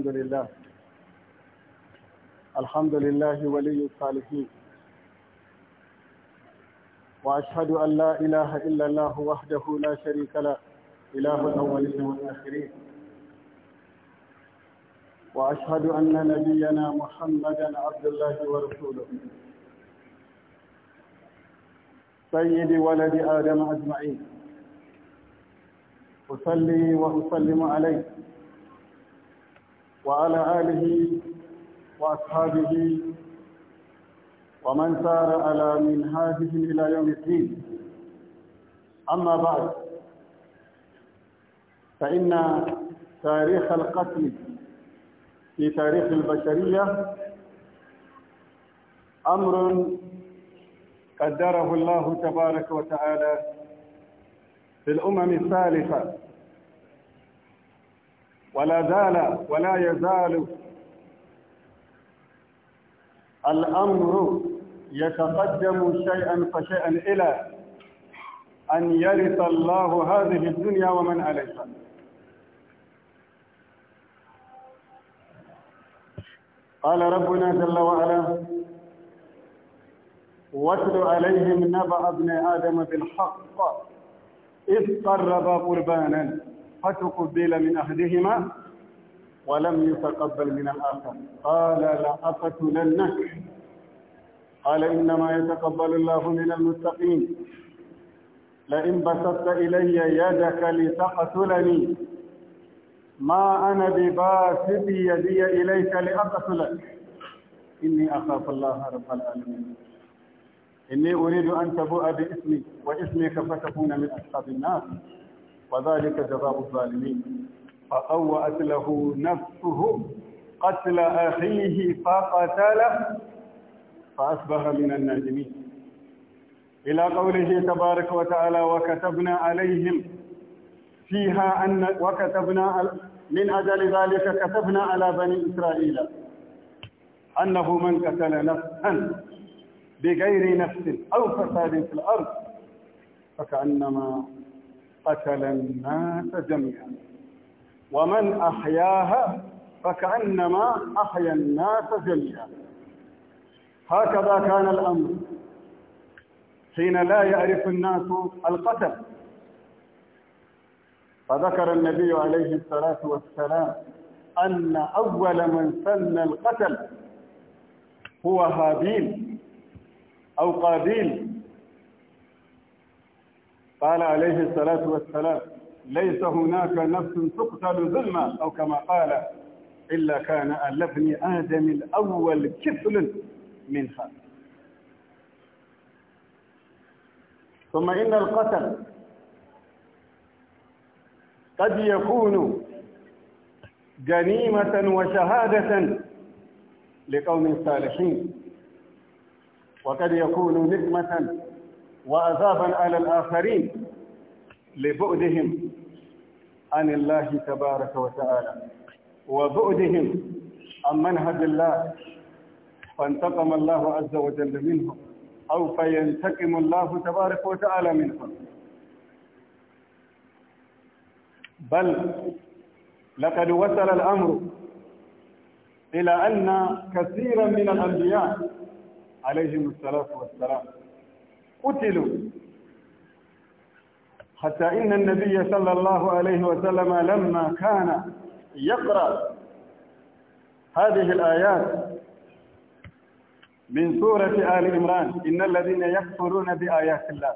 الحمد لله الحمد لله ولي الصالحين وأشهد أن لا إله إلا الله وحده لا شريك لا إله الأولين والآخرين وأشهد أن نبينا محمدا عبد الله ورسوله سيد ولد آدم أجمعين أصلي وأصلم عليه وعلى آله وأصحابه ومن سار على منهاجه إلى يوم الدين أما بعد فإن تاريخ القتل في تاريخ البشرية أمر قدره الله تبارك وتعالى في الأمم الثالثة ولا زال ولا يزال الأمر يتقدم شيئا فشيئا إلى أن يرث الله هذه الدنيا ومن عليها قال ربنا جل وعلا واتل عليهم نبأ ابن آدم بالحق إذ قرب قربانا فتقبل من أحدهما ولم يتقبل من الآخر قال لأقتلنك قال إنما يتقبل الله من المتقين لئن بسطت إلي يدك لتقتلني ما أنا بباسط يدي إليك لأقتلك إني أخاف الله رب العالمين إني أريد أن تبوء باسمي واسمك فتكون من أصحاب الناس وذلك جزاء الظالمين فطوأت له نفسه قتل أخيه فقتله فأصبح من النادمين إلى قوله تبارك وتعالى وكتبنا عليهم فيها أن وكتبنا من أجل ذلك كتبنا على بني إسرائيل أنه من قتل نفسا بغير نفس أو فساد في الأرض فكأنما قتل الناس جميعا ومن أحياها فكأنما أحيا الناس جميعا هكذا كان الأمر حين لا يعرف الناس القتل فذكر النبي عليه الصلاة والسلام أن أول من سن القتل هو هابيل أو قابيل قال عليه الصلاة والسلام ليس هناك نفس تقتل ظلما أو كما قال إلا كان ألفني آدم الأول كفل من خلق ثم إن القتل قد يكون جنيمة وشهادة لقوم صالحين وقد يكون نقمة وعذابا على الآخرين لبعدهم عن الله تبارك وتعالى وبعدهم عن منهج الله فانتقم الله عز وجل منهم أو فينتقم الله تبارك وتعالى منهم بل لقد وصل الأمر إلى أن كثيرا من الأنبياء عليهم الصلاة والسلام قتلوا حتى إن النبي صلى الله عليه وسلم لما كان يقرأ هذه الآيات من سورة آل عمران إن الذين يكفرون بآيات الله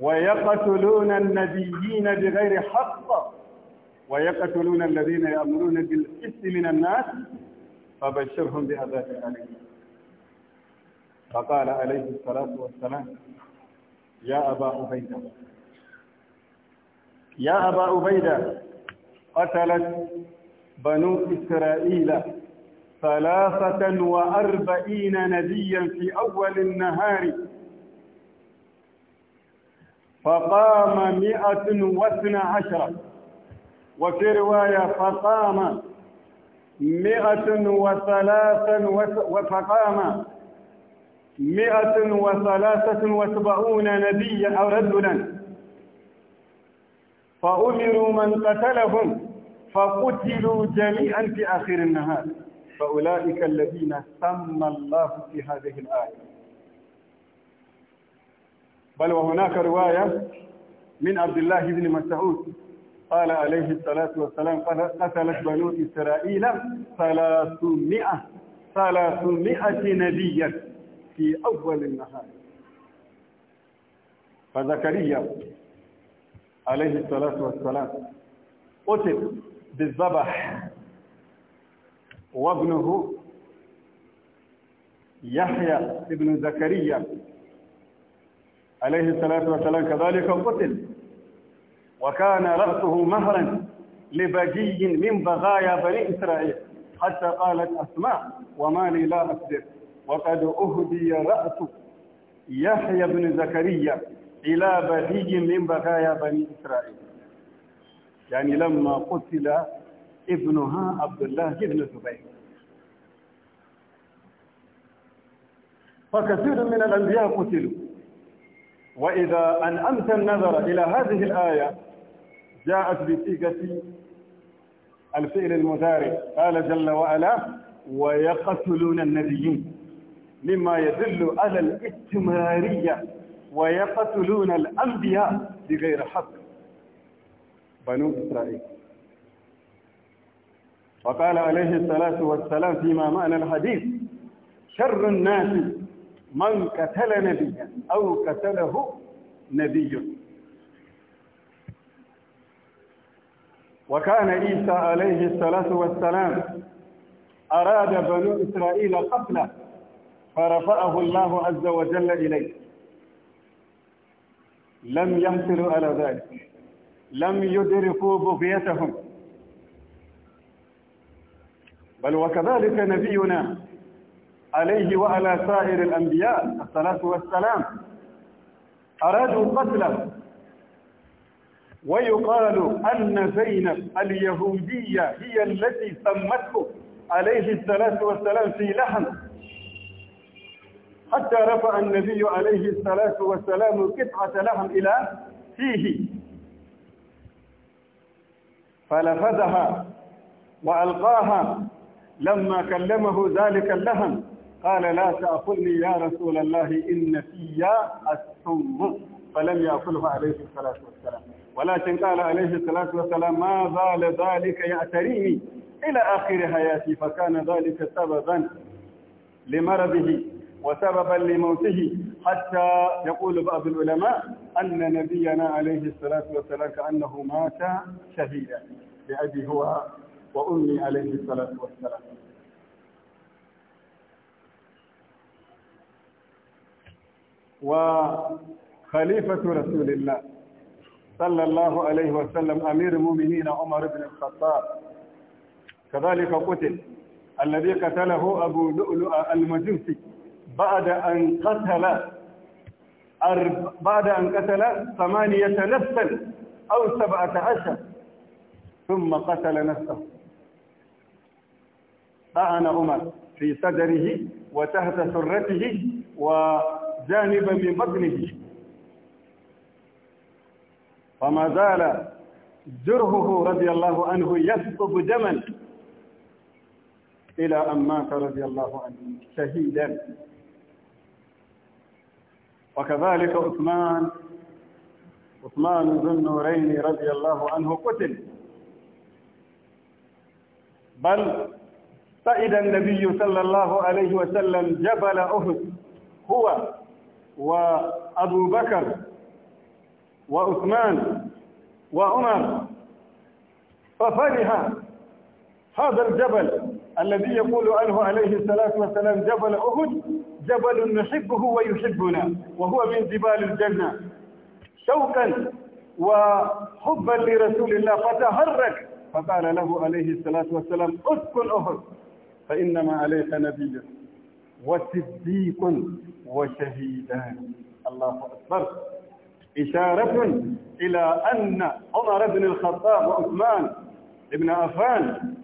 ويقتلون النبيين بغير حق ويقتلون الذين يأمرون بالإثم من الناس فبشرهم بعذاب أليم فقال عليه الصلاة والسلام يا أبا عبيدة يا أبا عبيدة قتلت بنو إسرائيل ثلاثة وأربعين نبيا في أول النهار فقام مئة واثنى عشرة وفي رواية فقام مئة وثلاثا وف... وفقام مئة وثلاثة وسبعون نبيا أو رجلا فأمروا من قتلهم فقتلوا جميعا في آخر النهار فأولئك الذين سمى الله في هذه الآية بل وهناك رواية من عبد الله بن مسعود قال عليه الصلاة والسلام قتلت بنو إسرائيل ثلاثمائة ثلاثمائة نبيا في أول النهار فزكريا عليه الصلاة والسلام قتل بالذبح وابنه يحيى ابن زكريا عليه الصلاة والسلام كذلك قتل وكان رأسه مهرا لبجي من بغايا بني إسرائيل حتى قالت أسماء وما لي لا أصدق وقد أهدي رأس يحيى بن زكريا إلى بهيج من بقايا بني إسرائيل يعني لما قتل ابنها عبد الله بن الزبير فكثير من الأنبياء قتلوا وإذا أنأمت النظر إلى هذه الآية جاءت بصيغة الفعل المضارع قال جل وعلا ويقتلون النبيين مما يدل على الاستمرارية ويقتلون الأنبياء بغير حق بنو إسرائيل وقال عليه الصلاة والسلام فيما معنى الحديث شر الناس من قتل نبيا أو قتله نبي وكان عيسى عليه الصلاة والسلام أراد بنو إسرائيل قتله فرفعه الله عز وجل إليه لم يحصلوا على ذلك لم يدركوا بغيتهم بل وكذلك نبينا عليه وعلى سائر الأنبياء الصلاة والسلام أرادوا قتله ويقال أن زينب اليهودية هي التي سمته عليه الصلاة والسلام في لحم حتى رفع النبي عليه الصلاة والسلام قطعة لهم إلى فيه فلفذها وألقاها لما كلمه ذلك اللهم قال لا تأكلني يا رسول الله إن فيا السم فلم يأخذه عليه الصلاة والسلام ولكن قال عليه الصلاة والسلام ما زال ذلك يعتريني إلى آخر حياتي فكان ذلك سببا لمرضه وسببا لموته حتى يقول بعض العلماء أن نبينا عليه الصلاة والسلام كأنه مات شهيدا بأبي هو وأمي عليه الصلاة والسلام وخليفة رسول الله صلى الله عليه وسلم أمير المؤمنين عمر بن الخطاب كذلك قتل الذي قتله أبو لؤلؤ المجوسي بعد أن قتل بعد أن قتل ثمانية نفسا أو سبعة عشر ثم قتل نفسه طعن عمر في صدره وتحت سرته وجانبا من بطنه فما زال جرهه رضي الله عنه يسقط دما إلى أن مات رضي الله عنه شهيدا وكذلك عثمان عثمان ذو النورين رضي الله عنه قتل بل صعد النبي صلى الله عليه وسلم جبل أهد هو وأبو بكر وعثمان وعمر ففرح هذا الجبل الذي يقول عنه عليه الصلاة والسلام جبل أهد جبل نحبه ويحبنا وهو من جبال الجنة شوقا وحبا لرسول الله فتهرك فقال له عليه الصلاة والسلام اسكن أهد فإنما عليك نبي وصديق وشهيدان الله أكبر إشارة إلى أن عمر بن الخطاب وعثمان بن عفان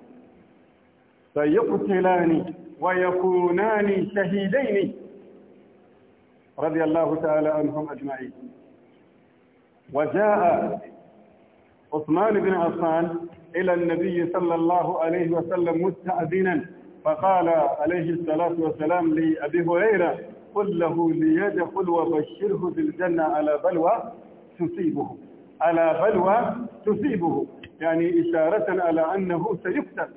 سيقتلان ويكونان شهيدين رضي الله تعالى عنهم أجمعين وجاء عثمان بن عفان إلى النبي صلى الله عليه وسلم مستأذنا فقال عليه الصلاة والسلام لأبي هريرة قل له ليدخل وبشره بالجنة على بلوى تصيبه على بلوى تصيبه يعني إشارة على أنه سيقتل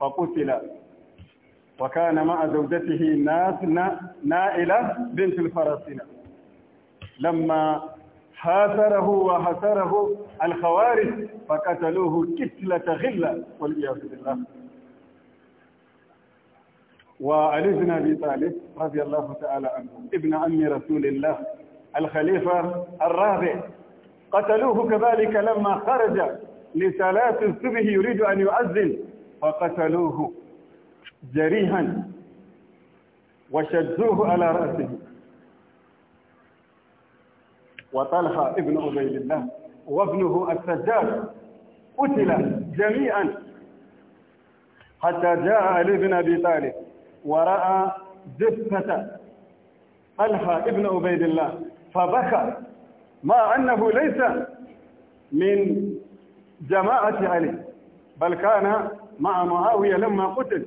فقتل وكان مع زوجته نائلة بنت الفرسنة لما حاسره وحسره الخوارج فقتلوه كتلة غلة والعياذ بالله وعلي بن ابي طالب رضي الله تعالى عنه ابن عم رسول الله الخليفة الرابع قتلوه كذلك لما خرج لصلاة الصبح يريد أن يؤذن فقتلوه جريحا وشدوه على رأسه وطلحة ابن عبيد الله وابنه السجاد قتل جميعا حتى جاء علي بن أبي طالب ورأى جثة طلحة ابن عبيد الله فبكى مع أنه ليس من جماعة علي بل كان مع معاوية لما قتل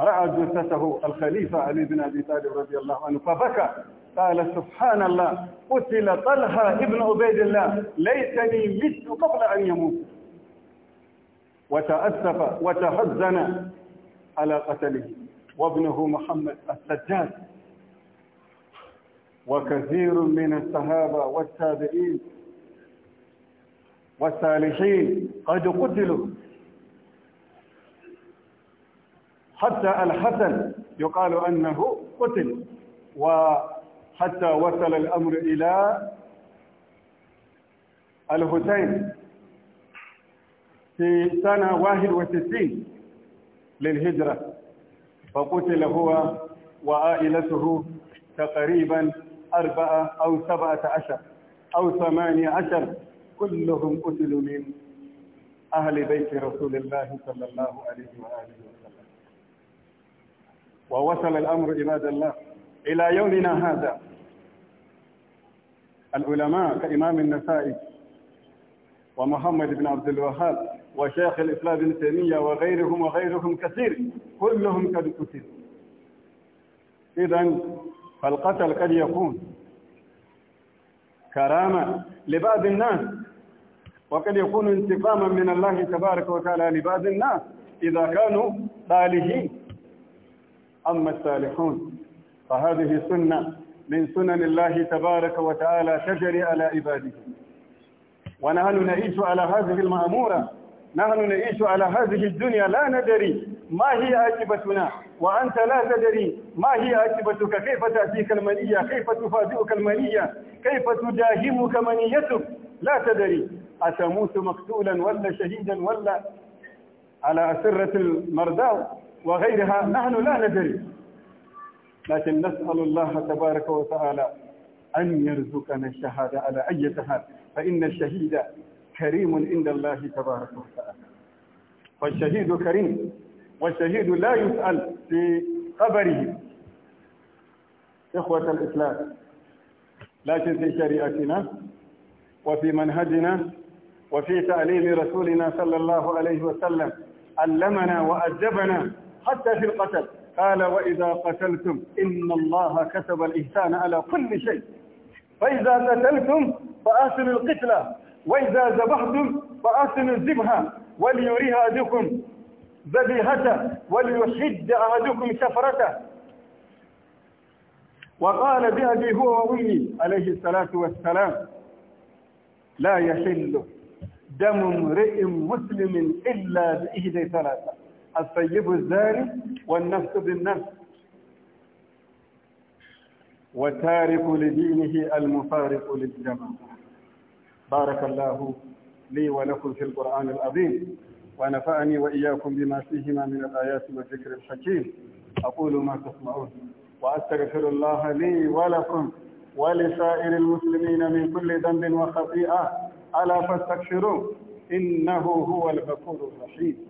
رأى جثته الخليفة علي بن أبي طالب رضي الله عنه فبكى قال سبحان الله قتل طلحة ابن عبيد الله ليتني مت قبل أن يموت وتأسف وتحزن على قتله وابنه محمد السجاد وكثير من الصحابة والتابعين والصالحين قد قتلوا حتى الحسن يقال أنه قتل وحتى وصل الأمر إلى الحسين في سنة وستين للهجرة فقتل هو وعائلته تقريبا أربعة أو سبعة عشر أو ثمانية عشر كلهم قتلوا من أهل بيت رسول الله صلى الله عليه وآله وسلم ووصل الأمر عباد الله إلى يومنا هذا العلماء كإمام النسائي ومحمد بن عبد الوهاب وشيخ الإسلام بن تيمية وغيرهم وغيرهم كثير كلهم قد قتل إذا فالقتل قد يكون كرامة لبعض الناس وقد يكون انتقاما من الله تبارك وتعالى لبعض الناس إذا كانوا صالحين أما الصالحون فهذه سنة من سنن الله تبارك وتعالى تجري على عباده ونحن نعيش على هذه المأمورة نحن نعيش على هذه الدنيا لا ندري ما هي عاقبتنا وأنت لا تدري ما هي عاقبتك كيف تأتيك المنية كيف تفاجئك المنية كيف تداهمك منيتك لا تدري أتموت مقتولا ولا شهيدا ولا على أسرة المرداو وغيرها نحن لا ندري لكن نسأل الله تبارك وتعالى أن يرزقنا الشهادة على أي حال فإن الشهيد كريم عند الله تبارك وتعالى فالشهيد كريم والشهيد لا يسأل في قبره إخوة الإسلام لكن في شريعتنا وفي منهجنا وفي تعليم رسولنا صلى الله عليه وسلم علمنا وأدبنا حتى في القتل قال وإذا قتلتم إن الله كتب الإحسان على كل شيء فإذا قتلتم فأحسنوا القتلة وإذا ذبحتم فأحسنوا الذبحة وليريها أحدكم ذبيحته وليحد أحدكم شفرته وقال بأبي هو وأمي عليه الصلاة والسلام لا يحل دم امرئ مسلم إلا بإهدي ثلاثة الثيب الزاري والنفس بالنفس وتارك لدينه المفارق للجماعة بارك الله لي ولكم في القرآن العظيم ونفعني وإياكم بما فيهما من الآيات والذكر الحكيم أقول ما تسمعون وأستغفر الله لي ولكم ولسائر المسلمين من كل ذنب وخطيئة ألا فاستغفروه إنه هو الغفور الرحيم